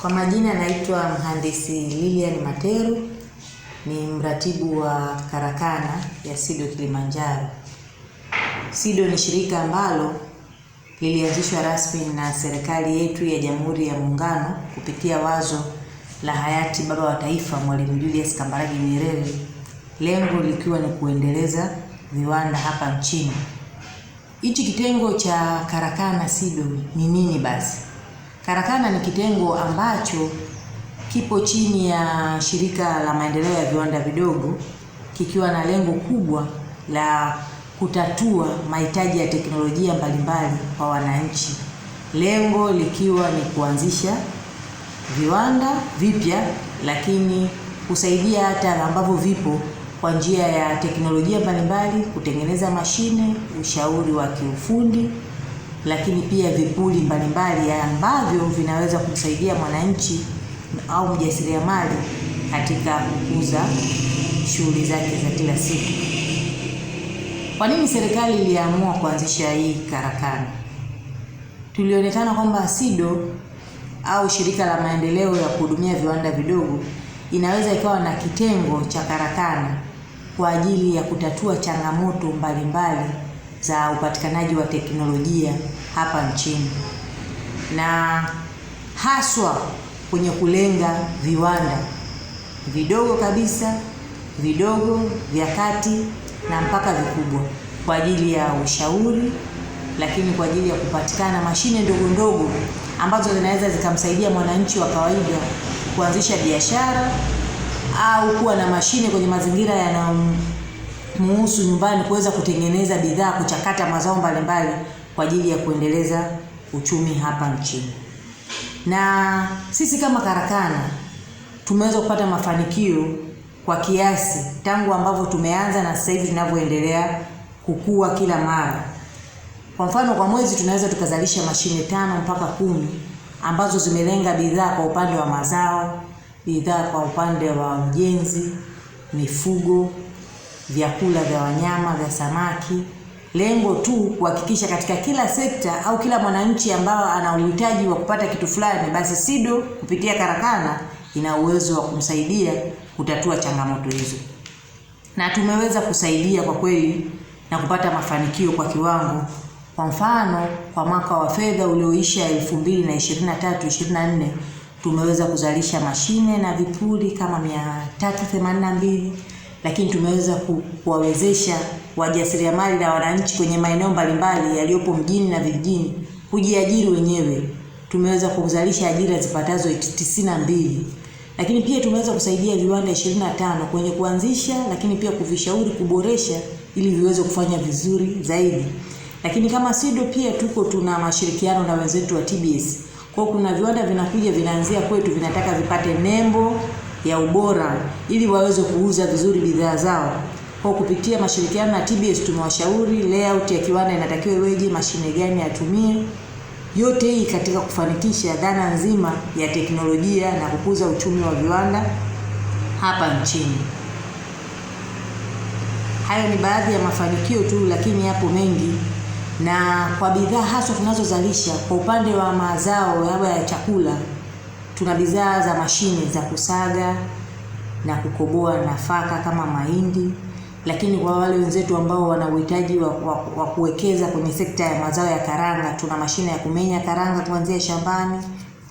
Kwa majina naitwa mhandisi Lilian Materu, ni mratibu wa karakana ya SIDO Kilimanjaro. SIDO ni shirika ambalo lilianzishwa rasmi na serikali yetu ya Jamhuri ya Muungano kupitia wazo la hayati Baba wa Taifa Mwalimu Julius Kambarage Nyerere, lengo likiwa ni kuendeleza viwanda hapa nchini. Hichi kitengo cha karakana SIDO ni nini basi? Karakana ni kitengo ambacho kipo chini ya Shirika la Maendeleo ya Viwanda Vidogo kikiwa na lengo kubwa la kutatua mahitaji ya teknolojia mbalimbali kwa wananchi, lengo likiwa ni kuanzisha viwanda vipya, lakini kusaidia hata ambavyo vipo kwa njia ya teknolojia mbalimbali, kutengeneza mashine, ushauri wa kiufundi lakini pia vipuli mbalimbali ambavyo vinaweza kumsaidia mwananchi au mjasiriamali katika kukuza shughuli zake za kila siku. Kwa nini serikali iliamua kuanzisha hii karakana? Tulionekana kwamba SIDO au shirika la maendeleo ya kuhudumia viwanda vidogo inaweza ikawa na kitengo cha karakana kwa ajili ya kutatua changamoto mbalimbali mbali za upatikanaji wa teknolojia hapa nchini na haswa kwenye kulenga viwanda vidogo kabisa, vidogo vya kati na mpaka vikubwa, kwa ajili ya ushauri, lakini kwa ajili ya kupatikana mashine ndogo ndogo ambazo zinaweza zikamsaidia mwananchi wa kawaida kuanzisha biashara au kuwa na mashine kwenye mazingira yanayo muhusu nyumbani kuweza kutengeneza bidhaa, kuchakata mazao mbalimbali kwa ajili ya kuendeleza uchumi hapa nchini. Na sisi kama karakana tumeweza kupata mafanikio kwa kiasi tangu ambavyo tumeanza na sasa hivi tunavyoendelea kukua kila mara. Kwa mfano, kwa mwezi tunaweza tukazalisha mashine tano mpaka kumi ambazo zimelenga bidhaa kwa upande wa mazao, bidhaa kwa upande wa ujenzi, mifugo vyakula vya wanyama vya samaki, lengo tu kuhakikisha katika kila sekta au kila mwananchi ambao ana uhitaji wa kupata kitu fulani, basi SIDO kupitia karakana ina uwezo wa kumsaidia kutatua changamoto hizo, na tumeweza kusaidia kwa kweli na kupata mafanikio kwa kiwango. Kwa mfano, kwa mwaka wa fedha ulioisha 2023 24 tumeweza kuzalisha mashine na vipuri kama 382 lakini tumeweza kuwawezesha wajasiriamali na wananchi kwenye maeneo mbalimbali yaliyopo mjini na vijijini kujiajiri wenyewe. Tumeweza kuzalisha ajira zipatazo tisini na mbili lakini pia tumeweza kusaidia viwanda tano kwenye kuanzisha, lakini pia kuvishauri kuboresha ili viweze kufanya vizuri zaidi. Lakini kama SIDO pia tuko tuna mashirikiano na wenzetu wa TBS. Kwa kuna viwanda vinakuja vinaanzia kwetu vinataka vipate nembo ya ubora ili waweze kuuza vizuri bidhaa zao. Kwa kupitia mashirikiano na TBS tumewashauri layout ya kiwanda inatakiwa iweje, mashine gani atumie. Yote hii katika kufanikisha dhana nzima ya teknolojia na kukuza uchumi wa viwanda hapa nchini. Hayo ni baadhi ya mafanikio tu, lakini yapo mengi na kwa bidhaa haswa tunazozalisha kwa upande wa mazao ya chakula Tuna bidhaa za mashine za kusaga na kukoboa nafaka kama mahindi, lakini kwa wale wenzetu ambao wana uhitaji wa, wa, wa kuwekeza kwenye sekta ya mazao ya karanga, tuna mashine ya kumenya karanga kuanzia shambani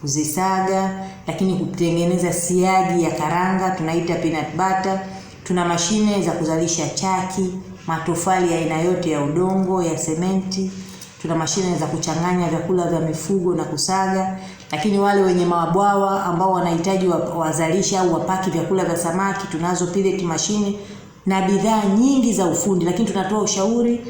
kuzisaga, lakini kutengeneza siagi ya karanga tunaita peanut butter. Tuna mashine za kuzalisha chaki, matofali ya aina yote ya udongo, ya sementi tuna mashine za kuchanganya vyakula vya mifugo na kusaga, lakini wale wenye mabwawa ambao wanahitaji wazalishe au wapaki vyakula vya samaki, tunazo pellet mashine na bidhaa nyingi za ufundi, lakini tunatoa ushauri